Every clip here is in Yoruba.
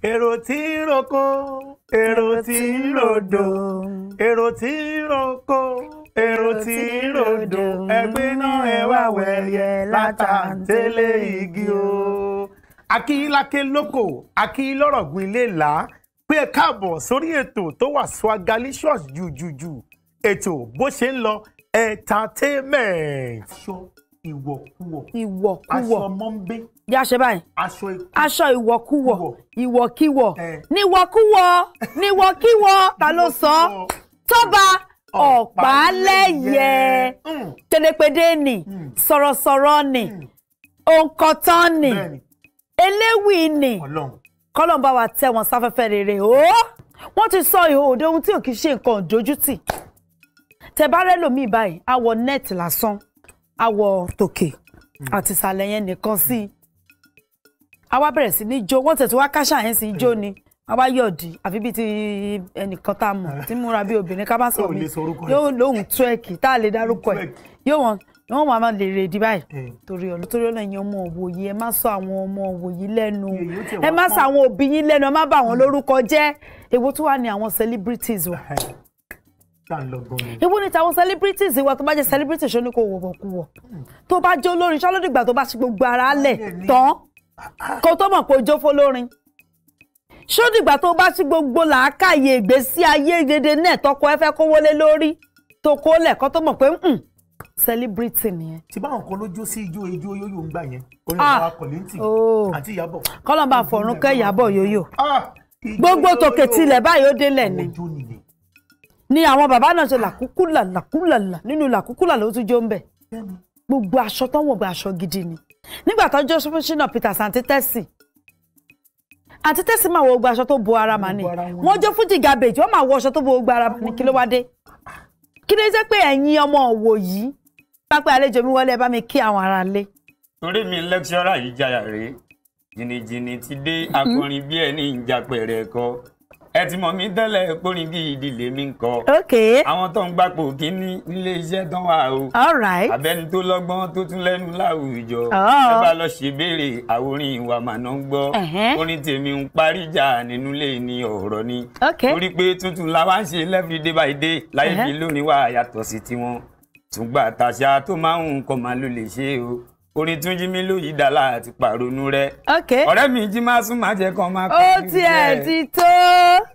èrò tí ń roko èrò tí ń rodò èrò tí ń roko èrò tí ń rodò ẹgbẹ́ náà ẹ wá wẹ̀yẹ látàntẹ́lẹ̀ igi o. akínláké lóko akínlọ́rọ̀gùn ilé là pé ẹ káàbọ̀ sórí ètò tó wà swagalicious jùjùjù ètò bó ṣe ń lọ entertainment ìwọ̀kuwọ̀. ìwọ̀kuwọ̀ aṣọ mọ́ńbé. yà ṣe báyìí. aṣọ ikú. aṣọ ìwọ̀kuwọ̀ ìwọ̀kiwọ̀ níwọ̀kuwọ̀ níwọ̀kiwọ̀ ta ló sọ tọ́ba ọ̀pálẹ́yẹ mm. tẹlẹpẹdẹ ni mm. sọ̀rọ̀sọ̀rọ̀ ni mm. òǹkọ̀tàn ni eléwì ni kọ́lọ́n bá wa tẹ́ wọn sáfẹ́fẹ́ rere o wọ́n ti sọ ìhò òde ohun tí ò kì í ṣe nǹkan dójútì tẹ bá rẹ́ lòmíì báyìí àwọ̀ nẹ́ẹ̀tì lásán àwọ̀ tòkè àti ìsàlẹ̀ yẹn nìkan sí i a wá bẹ̀rẹ̀ sí ní jó wọ́n tẹ̀ tí wá káṣà yẹn sí í jó ni a wá yọ̀dí àfi bíi ti ẹnìkan tá a mọ̀ tí múra bíi obìnrin ká bá sọ mi yóò lóhùn túẹ̀kì tá a lè dárúkọ ẹ̀ yóò wọn wọn wà máa lè rèdí báyìí torí ọ̀nà torí ọ̀nà ẹ̀yin ọmọ òwòye ẹ má sọ àwọn ọmọ òwòye lẹ́nu ẹ má sọ àwọn òbí yín lẹ́nu ẹ má bà wọ́n lórúkọ jẹ́ èwo tó wà ní àwọn celebrities wa ìwú ni tàwọn celebrities wa tó bá jẹ́ celebrities ṣó ní kò wọ̀wọ̀ kú wọ̀ tó bá jẹ́ olórin ṣá lódìgbà tó bá ṣe gbogbo ara lẹ̀ tán kó tó mọ̀ pé ó jó fọlórin ṣó dìgbà tó bá ṣe gbogbo làákàyè ìgbésí ayé gèdè náà tọkọ ẹ fẹ́ kówó lé lórí tó kó lẹ̀ kó tó mọ̀ pé hmm, celebrity nìyẹn. tí báwọn kan lójó sí ijó ijó yóyò ń gbà yẹn orin ah, àwọn akọ̀lẹ́ntì oh. àti ìyàbọ̀. kọ́lọ́mbà fọ̀rùn kẹ́ ìyàbọ̀ yóyò ah, gbogbo tòkè tilẹ̀ báyìí ó délẹ̀ ni ni àwọn bàbá náà ṣe làkúkúlà làkúlàlà nínú làkúkúlà ló tún jó ń bẹ̀ gbogbo aṣọ tán wọ̀ gba aṣọ gidi ni nígbà tó Jósífínà Peters àti tẹ́sì àti tẹ́sí máa wọ gbogbo aṣọ tó bo ara mà ni wọ́n jó fújì garbage wọ́n máa wọ aṣọ tó bo gbogbo ara mà ni kí ló wá dé kí ló jẹ́ pé ẹ̀yin ọmọ òwò yìí bá pé àlejò mi wọlé ẹ bá mi kí àwọn ará lé. torí mi lẹ́kṣọ́rà yìí jayà rèé jìnnìjìnnì ti dé akọrin bí ẹni ń pẹ̀rẹ̀ kọ ẹ ti mọ̀ mí tẹ́lẹ̀ kórin bí ìdílé ń kọ. àwọn tó ń gbapò kínní nílé iṣẹ́ tán wà o. all right abẹ́ni tó lọ́gbọ́n tó tún lẹ́nu láwùjọ. Oh. ẹ bá lọ ṣèbéèrè àwòrán ìwà màná ń gbọ́. orin tèmi ń parí jà nínú ilé ní ọ̀rọ̀ ni. torí pé tuntun la wá ń ṣe every day by day láyé mi lónìí wà yàtọ̀ sí tiwọn. tùgbà tàṣà tó máa ń kọ̀ máa ló lè ṣe o orin tún jí mi lóyìí dàlà àti pàrọnù rẹ. ọ̀rẹ́ mi jí máa sún máa jẹ́ kan máa kọ́ ó tiẹ̀ ti tó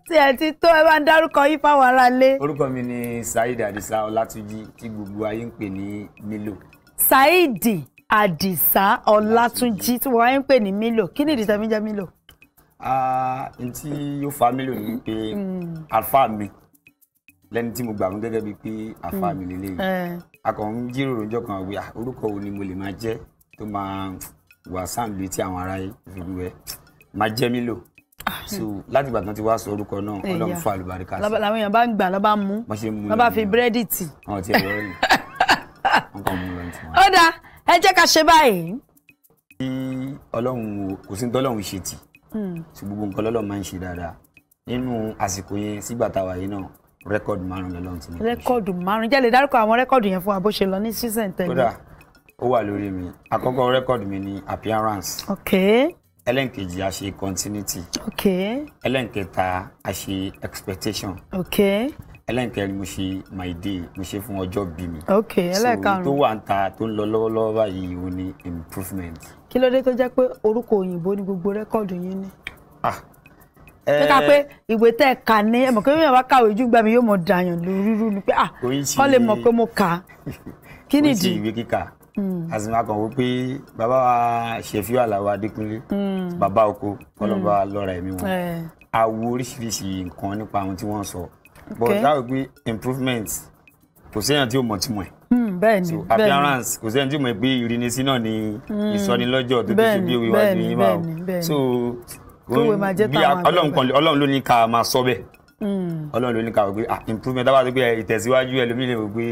tiẹ̀ ti tó ẹ bá ń dárúkọ yín fáwọn aráalé. orúkọ mi ni Saheed Adisa Ọlátúnjí tí gbogbo ayé ń pè ní Milo. Saheed Adisa Ọlátúnjí tí wọ́n ayé ń pè ní Milo kí ni ìdìtẹ̀ mi jẹ́ Milo. n tí yóò fa Milo ni pé hmm. alfa mi lẹ́ni tí mo gbà mú gẹ́gẹ́ bíi pé alfa mi lélẹ́yìí hmm. eh. a kàn ń jíròrò ọjọ́ kan wí orúkọ wo ni mo lè máa jẹ́ tó máa wà sáǹdì tí àwọn ará ìlú ẹ máa jẹ́ mí lò ah. so láti ìgbà tí wọ́n ti wá sọ orúkọ náà ọlọ́run fún àlùbáríkà sí. làwọn èèyàn bá ń gbà lọ́ bá mú lọ́ bá fi búrẹ́dì tì. ọ̀ tí ẹ wọ́n rí wọn kàn mú lọ́n tí wọ́n. ó dáa ẹ jẹ́ ká ṣe báyìí. tí ọlọ́run kò sí ní tọ́lọ́run ṣe tì tí hmm. gbogbo nǹkan ọlọ́run máa ń ṣe dáadáa nínú àsìkò yẹn sígbà táwa yìí náà rẹ́kọ̀dù márùn-ún lọ́lọ́run ti ní. rẹ́kọ̀dù márùn-ún jẹ́ lè dárúkọ àwọn rẹ́kọ̀dù yẹn fún wa lọ ní season tẹ̀lé. kódà ó wà lórí mi àkọ́kọ́ rẹ́kọ̀dù mi ní appearance. ok. ẹlẹ́nkejì a ṣe continuity. ok. ẹlẹ́nkẹta a ṣe expectation. ok. ẹlẹ́nkẹrin mo ṣe my day mo ṣe fún ọjọ́ bí mi. ok ẹlẹ́karùn-ún so tó wà ń ta tó ń lọ lọ́wọ́lọ́wọ́ báyìí ó ní improvement. kí ló dé tó jẹ́ pé orúkọ òyìnbó ni gbogbo rẹ́kọ̀dù yín ní. ah pé ká eh, pé ìwé tẹ́ ẹ kà ní ẹ mọ̀ pé mi ò bá kàwé jù gbà mí yóò mọ̀ dàyàn lórí rú ni pé ah kọ́ lè mọ̀ pé mo kà á kí nìdí. o ń ṣe ìwé kíkà àsìmọ́ mm. akàn wò pé bàbá wa ṣèfíò àlàó adékúnlé mm. bàbá oko kọlọ́ba mm. lọ́ra ẹ̀mí wọn eh. awo oríṣiríṣi nǹkan nípa àwọn tí wọ́n sọ but that would be improvement kò séèyàn tí ò mọ̀ tí mọ̀ ẹ̀ bẹ́ẹ̀ni so appearance kò sẹ́ni tí mo pe ìrìnnìsí náà ni ìsọnilọ́jọ́ tó ti ṣe bí òwe wájú bá o so bí ọlọ́run ló ní ká máa sọ bẹ́ẹ̀. Mm. ọlọ́run ló ní ká wọ pé ah improvement dábàá tó pé eh, ìtẹ̀síwájú ẹlòmíì lè wọ pé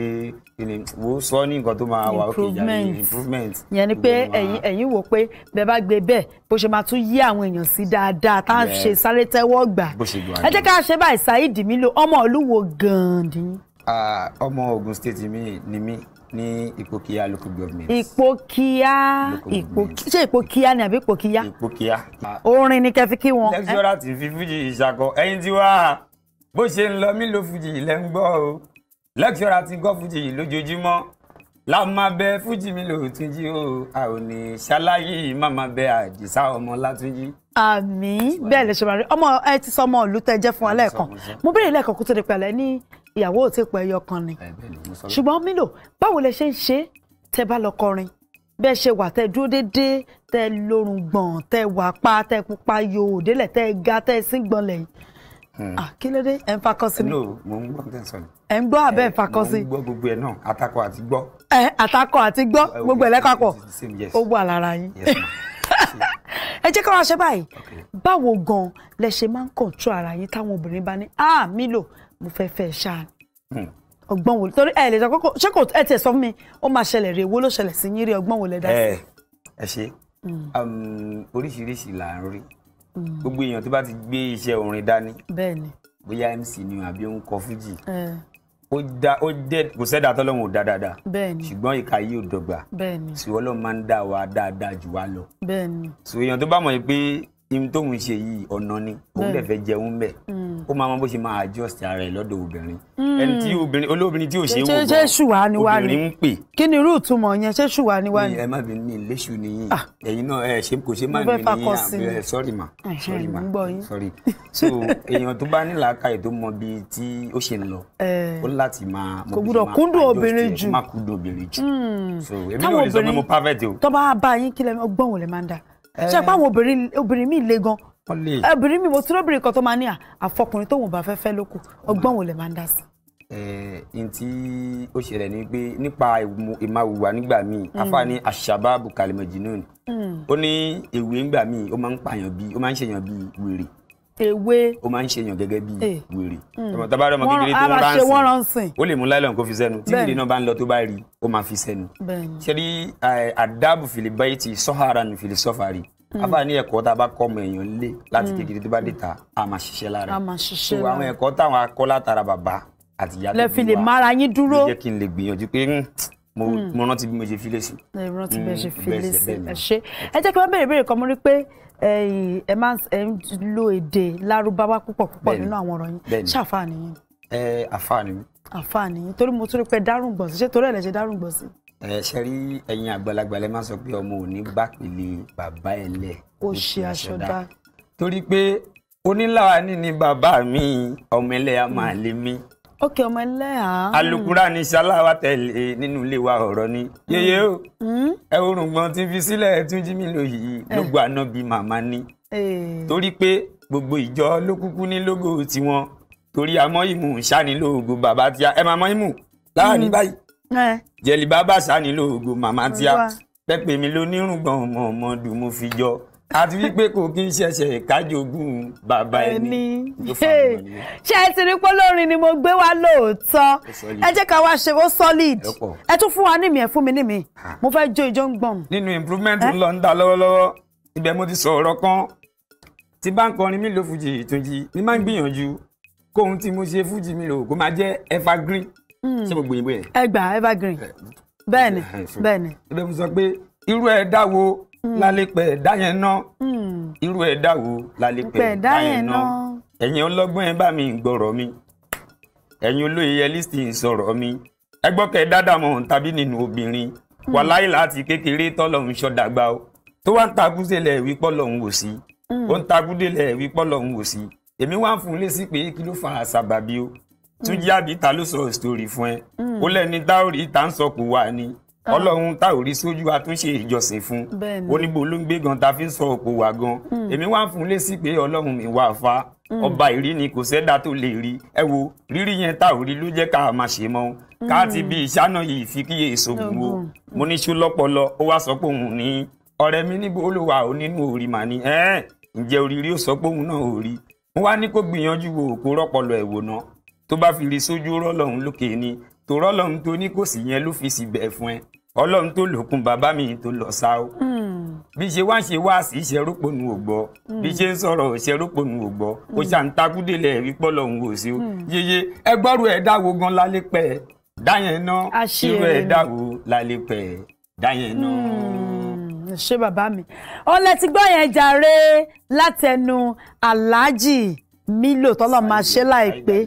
kíni wo sọ ní nǹkan tó máa wà òkè ìjà ní improvement. yẹn ni pé ẹ̀yin ẹ̀yin wò pé bẹ́ẹ̀ bá gbé bẹ́ẹ̀ bó ṣe máa tún yí àwọn èèyàn sí dáadáa tá a ṣe sáré tẹ́wọ́ gbà ẹ jẹ́ ká ṣe báyìí Saheed Milo ọmọ olúwo gan ni. ọmọ Ogun State mi ni mí ní ìpòkíyà local government. ìpòkíyà ìpòkí ṣé ìpòkíyà ni àbí ìpòkíyà. ìpòkíyà. orin ni kẹfí kí wọn. lẹ́kítọ́rà tí fífi ìṣàkọ ẹ̀yin tí wàá bó ṣe ń lọ mí ló fújì lẹ́ ń gbọ́ o lẹ́kṣọ́ra ti gbọ́ fújì lójoojúmọ́ lámàbẹ fújì mi ló tún jí o a ò ní ṣaláyé màmàbẹ àdìsá ọmọ látúnjí. àmín bẹ́ẹ̀ lè ṣe máa rí ọmọ ẹ ti sọ ọmọ ìlú tẹ jẹ́ fún wa lẹ́ẹ̀kan mo béèrè lẹ́ẹ̀kan kó tó di pẹ̀lẹ́ ní ìyàwó ò tí ì pẹ́ ẹyọ kan ni ṣùgbọ́n Milo báwo lẹ ṣe ń ṣe tẹ bá lọ kọrin bẹ́ẹ̀ ṣe wà tẹ dúró déédéé tẹ lórun gbọ̀n tẹ wà pa tẹ pupa yòó délẹ̀ tẹ ga tẹ síngbọ̀n lẹ́yìn Hmm. Ah, kí ló dé ẹ̀ ń fakọ́ sí ni. mo ń gbọ́ tẹ̀sán ni. ẹ̀ ń gbọ́ abẹ́ ìfakọ́ eh, sí. mo ń gbọ́ gbogbo ẹ̀ náà atakọ àti gbọ́. ẹ atakọ àti gbọ́ eh, gbogbo ẹ̀ lẹ́kọ̀ọ́ ó wà lára yín. ẹ jẹ́ ká wá ṣe báyìí báwo gan lẹ ṣe máa ń kọ̀ǹtró ara yín táwọn obìnrin bá ní ah Milo mo fẹ́ fẹ́ ṣáà hmm. ọgbọ́n wo torí ẹ lè sọ kókó ṣé kò ẹ tiẹ̀ sọ fún mi ó máa ṣẹlẹ̀ rè wo ló ṣẹlẹ̀ sí yín rí ọgbọ́n wo lẹ dá sí. Eh, ẹ ṣe hmm. um, oríṣiríṣi là ń rí Mm. gbogbo èèyàn tó bá ti gbé iṣẹ́ orin dání bóyá mc ni àbí ó kọ fújì ó dé kò sẹ́dá tọ́lọ́hún dá dáadáa ṣùgbọ́n ìka yìí ò dọ́gba bẹ́ẹ̀ni sì máa ń dá wa dáadáa jù wá lọ bẹ́ẹ̀ni tó bá mọ̀ pé im tóun ṣe yìí ọ̀nà ni òun dẹ̀ fẹ́ jẹun bẹ̀ mm. ó máa mọ bó ṣe máa adjust ara ẹ̀ lọ́dọ̀ obìnrin ẹni tí mm. obìnrin olóbìnrin tí ò ṣe é wò bọ́ obìnrin ń pè. kí ni irú ìtumọ̀ yẹn ṣé ṣùwà ni wá ni. ẹ má bí ní iléṣu nìyí ah. ẹ̀yin náà ẹ ṣe kò ṣe má ní ní ẹ sọ́ọ̀rì mà sọ́ọ̀rì mà sọ́ọ̀rì so èèyàn tó bá ní làákàyè tó mọ bí tí ó ṣe ń lọ ó láti máa mọ bí máa kúndùn obìnrin jù kúndùn obìnrin jù so èmi náà ò lè sọ pé mo perfect o. tọ́ bá bá yín kílẹ̀ ọgbọ́n wò lè máa ń dà. Eh. ṣe pé àwọn obìnrin obìnrin mi le gan eh, obìnrin mi mo tún lóbìnrin kan tó máa ní àfọkùnrin tóun bá fẹ́ fẹ́ lóko ọgbọ́n wo lè máa ń dá sí. ẹ̀ẹ́n eh, tí ó ṣẹlẹ̀ ni pé nípa ìmáwùwà nígbà míì afáàní àṣàbà bùkàlì mọ̀jìnnú ó ní èwe nígbà míì ó máa ń pààyàn bíi ó máa ń ṣèyàn bíi wèrè ewé. ó máa ń ṣèyàn gẹ́gẹ́ bí eh. wèrè hmm. tọ́bárẹ́ ọmọ kékeré tó ń bá ń sìn ó lè mú láìlọ́n kó fi sẹ́nu tí ìdè náà bá ń lọ tó bá rí ó máa fi sẹ́nu. ṣé rí eh, àdáàbò fìlìbáyé ti sọ́hara ní fìlìsọ́fàrí afa hmm. ní ẹ̀kọ́ tá a bá kọ́ ọmọ èèyàn lé láti hmm. kékeré tó bá dé ta a máa ṣiṣẹ́ lára so àwọn ẹ̀kọ́ táwọn akọ́ látara bàbá àtìyá tó bí Hmm. mo rántí bí mo ṣe filé sí. ẹ rántí bí mo ṣe hmm, filé sí ẹ ṣe ẹ jẹ́ kí wọ́n béèrè béèrè kan mo rí pé ẹ máa ń lo èdè lárúbáwá púpọ̀ púpọ̀ nínú àwọn ọ̀rọ̀ yín ṣàfààní yín. ẹ àfààní. àfààní torí mo tún rí pé dárúngbọ̀n sí ṣé torí ẹ̀ lẹ́ ṣe dárúngbọ̀n ẹ ṣe rí ẹ̀yin àgbàlagbà lẹ máa sọ pé ọmọ ò ní bá pèlè bàbá ẹ lẹ. ó ṣe aṣọdá. torí pé oníláwa ni bàbá mi ọmọ ẹlẹ́yà máa hmm ókè ọmọ ẹlẹ́hà. alukura ni ṣaláwa tẹ̀lé nínú ilé wa ọ̀rọ̀ ni. yeye o hmm. Hmm. ẹ orùngbọ̀n ti fi sílẹ̀ ẹ tún jí mi lò yìí eh. lógo àná bíi màmá ni. Eh. torí pé gbogbo ìjọ ló kúkú ní lógo tiwọn torí amọ́yìmù ṣánilógo bàbá tíá ẹ máa mọ́yìmù láàrin hmm. báyìí eh. jẹ̀lì bàbá ṣánilógo màmá tíá pẹ́pẹ́ mi ló nírùngbọ̀n ọmọ ọmọdún mo fi jọ àti wípé kò kí n ṣẹ̀ṣẹ̀ kájogún bàbá ẹni. ṣé ẹ ti rí pé ni mo gbé wá lóòótọ́ ẹ jẹ́ ká wá ṣe ó solid ẹ tún fún wa ní mi ẹ fún mi ní mi mo fẹ́ jó ijó ń gbọ̀n. nínú improvement ń lọ ń ta lọ́wọ́lọ́wọ́ ibẹ̀ mo ti sọ̀rọ̀ kan tí bá ń kọrin mi ló fújì ìtúnjì mi máa ń gbìyànjú kóhun tí mo ṣe fújì mi lò kó máa jẹ́ evergreen hmm. ṣé mo gbìyànjú yẹn. ẹgbàá evergreen bẹ́ẹ̀ni bẹ́ẹ̀ni. ibẹ̀ mo sọ pé irú ẹ̀ dáwo la lè pẹ̀ ẹ̀dá yẹn ná hmm. irú ẹ̀dá wo la lè pẹ̀ ẹ̀dá yẹn ná ẹ̀yin ọlọ́gbọ́n ẹ bá mi gbọ́rọ̀ mi ẹ̀yin olóye ẹ lísì ń sọ̀rọ̀ mi ẹ gbọ́ kẹ́ ẹ dáadáa mọ̀ ohun tàbí nínú obìnrin hmm. wà láyé láti kékeré tọ́lọ́hún ṣọ́dàgbà o tó wá ń takú délẹ̀ wí pọ́lọ́hún wò sí hmm. ó ń takú délẹ̀ wí pọ́lọ́hún wò sí èmi wá ń fún un lésì pé kí ló fa àṣàbàbí o tún jáde ta ló sọ sítórì fún ẹ ó lẹ́ni táórì ìta ń sọ kò wá ni Ah. ọlọ́run tá ò rí sójú wa tún ṣe ìjọsìn fún oníbo ló ń gbé gan ta fi ń sọ òpó wa gan hmm. èmi wá ń fún lésì pé ọlọ́run mi wà fa hmm. ọba ìrí ni kò sẹ́dá tó lè rí ẹ wo rírí yẹn tá ò rí ló jẹ́ ká máa ṣe mọ́ hmm. ká ti bí ìṣáná yìí fi kíyè ìṣògùn wo mo ní ṣó lọ́pọlọ ó wá sọ pé òun ní ọ̀rẹ́ mi níbo ló wà ó nínú orí màá ní ẹ́ ǹjẹ́ oríire ó sọ pé òun náà ò rí mo wá ní kó gbìyànjú òkú rọ́pọlọ ẹ̀wò náà tó bá fi rí sójú rọ́lọ́run lókè ni tòrọ ọlọ́run tó ní kò sí yẹn ló fi sì bẹ̀ fún ẹ ọlọ́run tó lòkun bàbá mi tó lọ sá o hmm. bí ṣe wá ṣe wá sí ìṣerúpọnù ògbọ bí hmm. ṣe ń sọ̀rọ̀ ìṣerúpọnù ògbọ kò hmm. ṣàǹtakúdélẹ rí pọlọhún ò sí o yeye ẹgbọrú ẹ dáwo gan lálẹ́ pẹ dáyẹn náà irú ẹ dáwo lálẹ́ pẹ dáyẹn náà ṣé bàbá mi ọlẹ yẹn jàre látẹnu aláàjì mílò tọ́lọ̀ máa ṣe láìpẹ́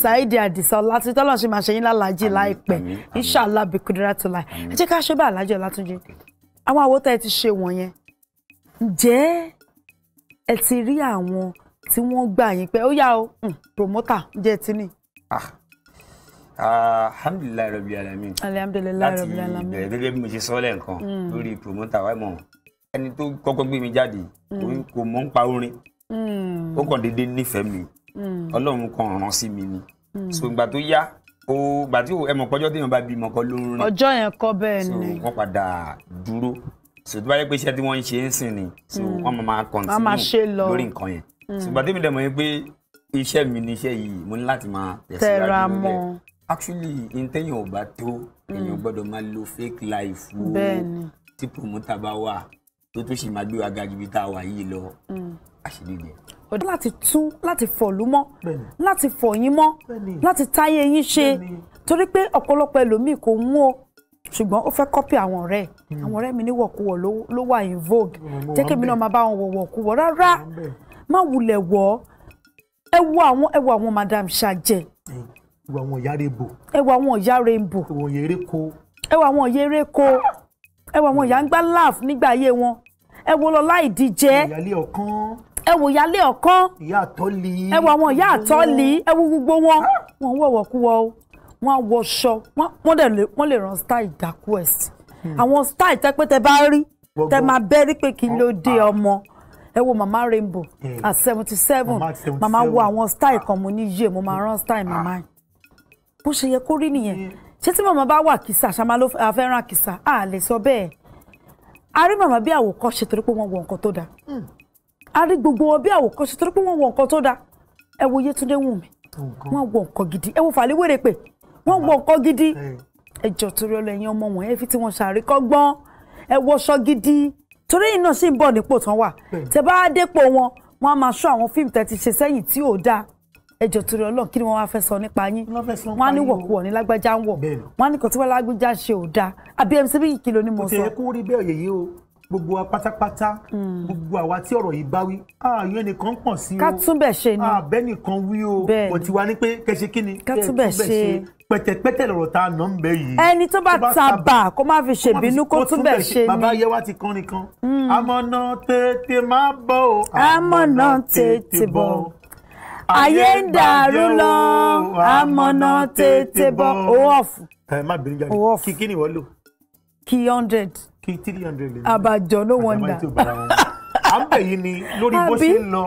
Saheed Adisa láti tọ́lọ̀ ṣe máa ṣe yín lálàájì láìpẹ́ inshallah bí kúndúrà tó láì ẹ jẹ́ ká ṣe bá Alhaji Ọlátúnjí àwọn àwòtá ẹ ti ṣe wọ̀nyẹn ǹjẹ́ ẹ ti rí àwọn tí wọ́n gbà yín pé ó yá o hmm, promoter ǹjẹ́ ẹ ti ní. Ah, alhamdulilayi rabi alamin alhamdulilayi rabi alamin láti gẹ́gẹ́ bí mo ṣe sọ lẹ́ẹ̀kan hmm. lórí promoter wáìmọ̀ ẹni tó kọ́kọ́ gbé mi jáde hmm. kò mọ̀ ń pa orin Mm. ó kàn déédéé nífẹ̀ẹ́ mi mm. ọlọ́run kan ràn sí mi ni mm. so ìgbà tó yá o ìgbà tí ẹ mọ̀ pọ́jọ́ téèyàn bá bímọ kan ló ń rìn ọjọ́ yẹn kọ́ bẹ́ẹ̀ ni so wọ́n padà dúró so tó bá yẹ pé iṣẹ́ tí wọ́n ń ṣe ń sìn ni so wọ́n máa continue lórí nǹkan yẹn so ìgbà tèmi dẹ̀ mọ̀ pé iṣẹ́ mi ni iṣẹ́ yìí mo ní láti máa tẹ̀síwájú lórí actually ntẹ́yìn ò bá tó èèyàn gbọ́dọ̀ máa lo fake life wo tí promoter bá wà tó tó sì máa gbé wa ga jù bí tá a wà yìí lọ àṣírí yẹn. láti tún láti fọ̀lú mọ́ láti fọ̀yín mọ́ láti táyé yín ṣe torí pé ọ̀pọ̀lọpọ̀ ẹlòmíì kò mú o ṣùgbọ́n ó fẹ́ kọ́pì àwọn ọ̀rẹ́ ẹ̀ hmm. àwọn ọ̀rẹ́ mi ní wọ̀kúwọ̀ ló wà in vogue jẹ́ kí èmi náà máa bá wọn wọ̀ wọ̀kúwọ̀ rárá má wulẹ̀ wọ̀ ọ́ ẹ wo àwọn ẹ wo àwọn madam ṣàjẹ. ẹ wo àwọn ìyá rebo. ẹ wo àwọn ìyá rebo. ẹ wo ìyá ereko. ẹ wo àwọn ìyá ereko. ẹ wo àwọn ìyá ń gbá laugh nígbà ayé wọn ẹ wo lọ láì díjẹ. ìyálé ọ̀kan ẹ wò yálé ọ̀kan ẹ wò àwọn ìyá àtọ́lì ẹ wò gbogbo wọn ah. wọn wọ̀wọ̀ kú wọ o wọn wọṣọ wọn lè ràn style ìdákú ẹ̀ sí àwọn style tẹ́pẹ́tẹ́ bá rí tẹ́ máa bẹ́rí pé kí ló dé ọmọ ẹ wo mama rainbow hmm. at seventy seven mama wo àwọn style kan mo ní yé mo máa rán style ah. mama yìí bó ṣe yẹ kó rí nìyẹn hmm. ṣé tí màmá bá wà kìsà ṣàmá ló fẹ́ràn kìsà a lè sọ bẹ́ẹ̀ a rí màmá bí àwòkọ́ṣe torí pé wọ́n wọ nǹkan tó dáa hmm a rí gbogbo wọn bí àwòkọ́ṣe torí pé wọ́n wọ nǹkan tó dáa ẹ wo Yétúndé Wùnmí wọ́n wọ nǹkan gidi ẹ wo Fàlíwèrè pé wọ́n wọ nǹkan gidi ẹ jọ torí ọlọ ẹ̀yin ọmọ wọn ẹ fi tí wọ́n ṣàríkọ́gbọ́n ẹ wọṣọ gidi torí yìí náà sì ń bọ̀ nípò tán wà tẹ bá dépò wọn wọn á máa ṣọ́ àwọn fíìmù tẹ ti ṣe sẹ́yìn tí ò dáa ẹjọ torí Ọlọ́run kí ni wọn wá fẹ́ sọ nípa yín wọn á ní wọkúwọ ní lágbájá ń wọ wọn á ní kò tí wọn lágbájá ṣe ò dáa àbí mc ni mo gbogbo wa pátápátá mm. gbogbo àwa tí ọ̀rọ̀ yìí bá wí ààyè nìkan pọ̀ sí o ká túbẹ̀ ṣe ni àbẹ́ nìkan wí o kò tí wa pé kẹ́ṣe kí ni ká túbẹ̀ ṣe pẹ̀tẹ̀pẹ̀tẹ̀ lọ́rọ̀ tá a nà ń bẹ yìí. ẹni tó bá tàbà kó má fi ṣèbínú kó túbẹ̀ ṣe ni. bàbá yẹ ti kán nìkan. àmọ̀nà mm. tètè máa bọ̀ o. àmọ̀nà tètè bọ̀ ayé ń dàrú lọ àmọ̀nà tètè bọ̀ owó ọ̀fù. ẹ má kí kí ni ìwọ lò. kí hundred kí three hundred lè ní. àbàjọ no wonder. àbàjọ tó bára wọn. à ń ni lórí bó ṣe ń lọ